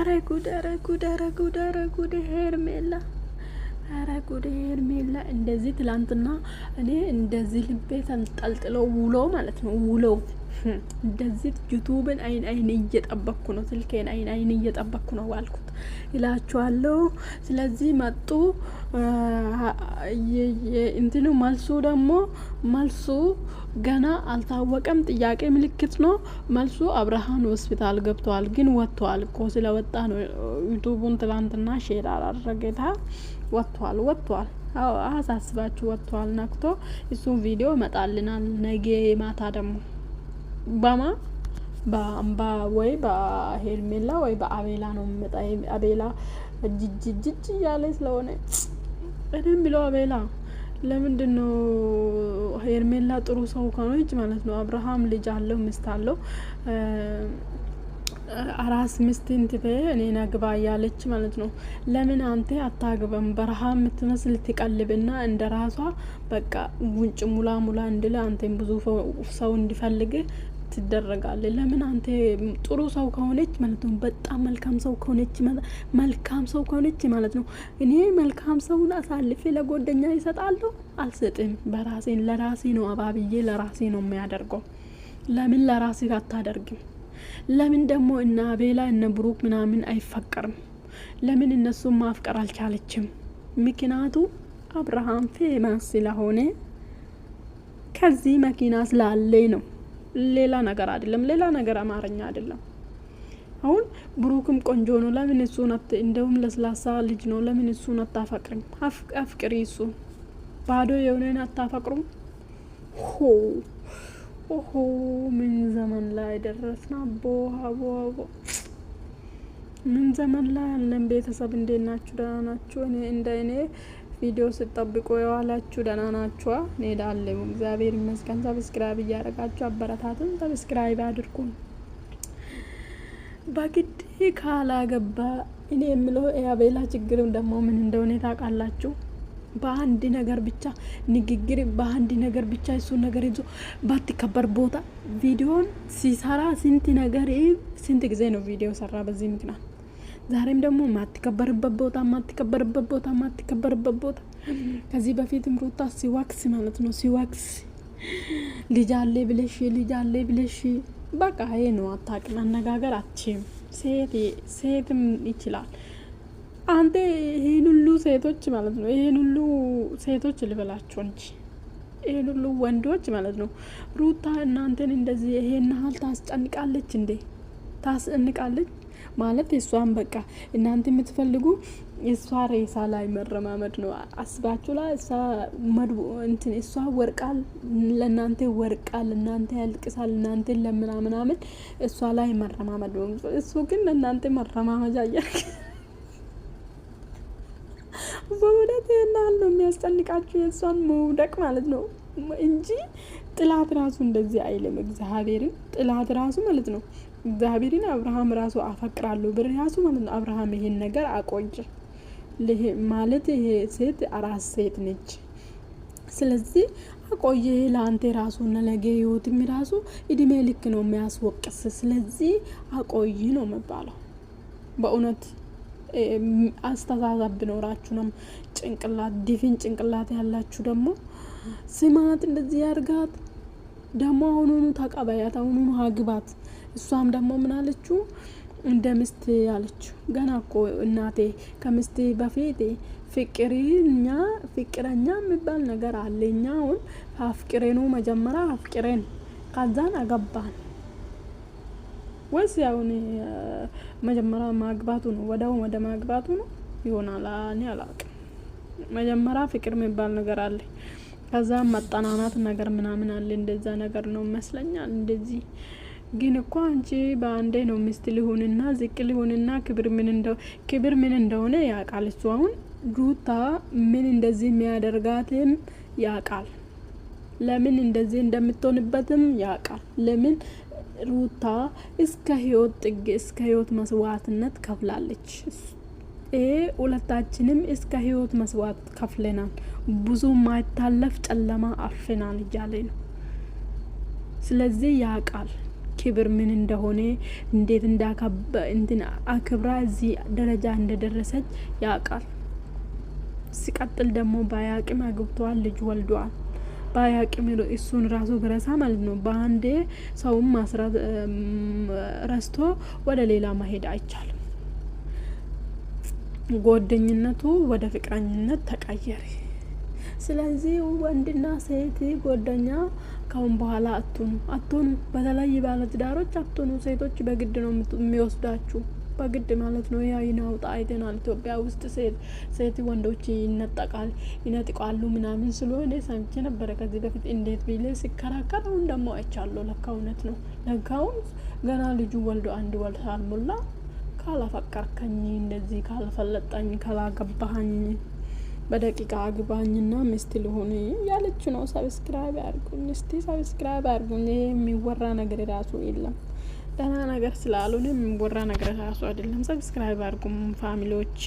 አረ ጉድ! አረ ጉድ! አረ ጉድ! አረ ጉድ! ሄርሜላ አረ ጉድ! ሄርሜላ እንደዚህ ትላንትና እኔ እንደዚህ ልቤ ተንጠልጥሎ ውሎ ማለት ነው ውሎ እንደዚህ ዩቱብን አይን አይን እየጠበቅኩ ነው፣ ስልኬን አይን አይን እየጠበቅኩ ነው አልኩት ይላችኋለሁ። ስለዚህ መጡ። እንትኑ መልሱ ደግሞ መልሱ ገና አልታወቀም። ጥያቄ ምልክት ነው መልሱ። አብርሃን ሆስፒታል ገብተዋል፣ ግን ወጥተዋል እኮ ስለወጣ ነው ዩቱቡን ትላንትና ሼር አላረገታ። ወጥተዋል ወጥተዋል አሳስባችሁ ወጥተዋል። ነክቶ እሱን ቪዲዮ መጣልናል ነገ ማታ ደግሞ በማ በአምባ ወይ በሄርሜላ ወይ በአቤላ ነው የምመጣ። አቤላ ጅጅጅጅ እያለ ስለሆነ እኔም ብለው አቤላ ለምንድን ነው ሄርሜላ ጥሩ ሰው ከሆነች ማለት ነው አብርሃም ልጅ አለው ምስት አለው አራስ ምስትን ትቤ እኔን አግባ እያለች ማለት ነው። ለምን አንተ አታግበም? በረሃ የምትመስል ትቀልብና እንደ ራሷ በቃ ጉንጭ ሙላ ሙላ እንድል አንተን ብዙ ሰው እንዲፈልግ ትደረጋለ። ለምን አንተ ጥሩ ሰው ከሆነች ማለት ነው፣ በጣም መልካም ሰው ከሆነች መልካም ሰው ከሆነች ማለት ነው። እኔ መልካም ሰውን አሳልፌ ለጎደኛ ይሰጣለሁ? አልሰጥም። በራሴን ለራሴ ነው አባብዬ ለራሴ ነው የሚያደርገው። ለምን ለራሴ አታደርግም? ለምን ደግሞ እነ አቤላ እነ ብሩክ ምናምን አይፈቀርም? ለምን እነሱን ማፍቀር አልቻለችም? ምክንያቱ አብርሃም ፌማስ ስለሆነ ከዚህ መኪና ስላለ ነው። ሌላ ነገር አይደለም። ሌላ ነገር አማርኛ አይደለም። አሁን ብሩክም ቆንጆ ነው። ለምን እሱን እንደውም ለስላሳ ልጅ ነው። ለምን እሱን አታፈቅርም? አፍቅሪ። እሱ ባዶ የሆነን አታፈቅሩም ሆ ኦሆ ምን ዘመን ላይ ደረስና አቦ አቦ ምን ዘመን ላይ አለን። ቤተሰብ እንዴት ናችሁ? ደህና ናችሁ? እኔ እንደ እኔ ቪዲዮ ስጠብቁ የዋላችሁ ደህና ናችኋ? እኔ ዳለሁ እግዚአብሔር ይመስገን። ሰብስክራይብ እያደረጋችሁ አበረታትን። ሰብስክራይብ አድርጉን። በግድ ካላገባ እኔ የምለው የአቤላ ችግርም ደግሞ ምን እንደሆነ ታውቃላችሁ። በአንድ ነገር ብቻ ንግግር፣ በአንድ ነገር ብቻ እሱ ነገር ይዞ ባትከበር ቦታ ቪዲዮን ሲሰራ ስንት ነገር ስንት ጊዜ ነው ቪዲዮ ሰራ። በዚህ ምክንያት ዛሬም ደግሞ ማትከበርበት ቦታ ማትከበርበት ቦታ ማትከበርበት ቦታ ከዚህ በፊትም ሩታ ሲዋክስ ማለት ነው ሲዋክስ ልጅ አለ ብለሽ ልጅ አለ ብለሽ በቃ ይሄ ነው። አታቅን አነጋገር አችም ሴት ሴትም ይችላል አንተ ይሄን ሁሉ ሴቶች ማለት ነው፣ ይሄን ሁሉ ሴቶች ልበላቸው እንጂ ይሄን ሁሉ ወንዶች ማለት ነው። ሩታ እናንተን እንደዚህ ይሄን ያህል ታስጨንቃለች እንዴ? ታስጨንቃለች ማለት እሷን በቃ እናንተ የምትፈልጉ እሷ ሬሳ ላይ መረማመድ ነው አስባችሁ ላ እሷ መድቡ እንትን እሷ ወርቃል ለእናንተ ወርቃል እናንተ ያልቅሳል እናንተ ለምናምናምን እሷ ላይ መረማመድ ነው። እሱ ግን ለእናንተ መረማመጃ እያደረገ ምን ያህል ነው የሚያስጨንቃችሁ የእሷን መውደቅ ማለት ነው እንጂ ጥላት ራሱ እንደዚህ አይልም። እግዚአብሔርን ጥላት ራሱ ማለት ነው እግዚአብሔርን አብርሃም ራሱ አፈቅራለሁ ብር ራሱ ማለት ነው አብርሃም ይሄን ነገር አቆጭ ማለት ይሄ ሴት አራት ሴት ነች። ስለዚህ አቆየ ለአንተ ራሱ ነገ ህይወትም ራሱ እድሜ ልክ ነው የሚያስወቅስ። ስለዚህ አቆይ ነው መባለው በእውነት አስተሳሰብ ብኖራችሁ ነው ጭንቅላት ዲፊን ጭንቅላት ያላችሁ ደግሞ ስማት እንደዚህ ያርጋት ደግሞ አሁኑኑ ተቀበያት፣ አሁኑኑ አግባት። እሷም ደግሞ ምን አለችው? እንደ ምስት አለችው። ገና እኮ እናቴ ከምስት በፊት ፍቅርኛ ፍቅረኛ የሚባል ነገር አለ። እኛ አሁን አፍቅሬኑ መጀመሪያ አፍቅሬን ከዛን አገባን ወይስ ያሁን መጀመሪያ ማግባቱ ነው? ወደው ወደ ማግባቱ ነው ይሆናል። እኔ አላውቅም። መጀመሪያ ፍቅር የሚባል ነገር አለ። ከዛ መጠናናት ነገር ምናምን አለ። እንደዛ ነገር ነው ይመስለኛል። እንደዚህ ግን እኮ አንቺ በአንዴ ነው ሚስት ሊሆንና ዝቅ ሊሆንና ክብር ምን እንደው ክብር ምን እንደሆነ ያውቃል እሱ። አሁን ሩታ ምን እንደዚህ የሚያደርጋትም ያውቃል። ለምን እንደዚህ እንደምትሆንበትም ያውቃል። ለምን ሩታ እስከ ህይወት ጥግ እስከ ህይወት መስዋዕትነት ከፍላለች። ሁለታችንም እስከ ህይወት መስዋዕት ከፍለናል። ብዙ ማይታለፍ ጨለማ አፍናል እያለ ነው። ስለዚህ ያ ቃል ክብር ምን እንደሆነ እንዴት እንዳከበ እንትን አክብራ እዚህ ደረጃ እንደደረሰች ያውቃል። ሲቀጥል ደግሞ በአያቅም አግብተዋል፣ ልጅ ወልደዋል። በአያቅም እሱን ራሱ ግረሳ ማለት ነው። በአንዴ ሰውም ማስራት ረስቶ ወደ ሌላ መሄድ አይቻልም። ጓደኝነቱ ወደ ፍቅረኝነት ተቀየረ። ስለዚህ ወንድና ሴት ጓደኛ ካሁን በኋላ አትሁኑ አትሁኑ። በተለይ ባለትዳሮች አትሁኑ። ሴቶች በግድ ነው የሚወስዳችሁ፣ በግድ ማለት ነው። ያ ይናውጣ አይተናል። ኢትዮጵያ ውስጥ ሴት ሴት ወንዶች ይነጠቃል፣ ይነጥቃሉ ምናምን ስለሆነ ሰምቼ ነበረ ከዚህ በፊት እንዴት ቢል ሲከራከር፣ አሁን ደግሞ አይቻለሁ። ለካ እውነት ነው። ለካውን ገና ልጁ ወልዶ አንድ ወር ሳልሞላ ካላፈቀርከኝ፣ እንደዚህ ካልፈለጠኝ፣ ካላገባሃኝ በደቂቃ አግባኝና ሚስት ልሆን ያለች ነው። ሰብስክራይብ አርጉኝ እስቲ ሰብስክራይብ አርጉኝ። ይሄ የሚወራ ነገር ራሱ የለም። ደህና ነገር ስላልሆነ የሚወራ ነገር ራሱ አይደለም። ሰብስክራይብ አርጉም ፋሚሊዎቼ።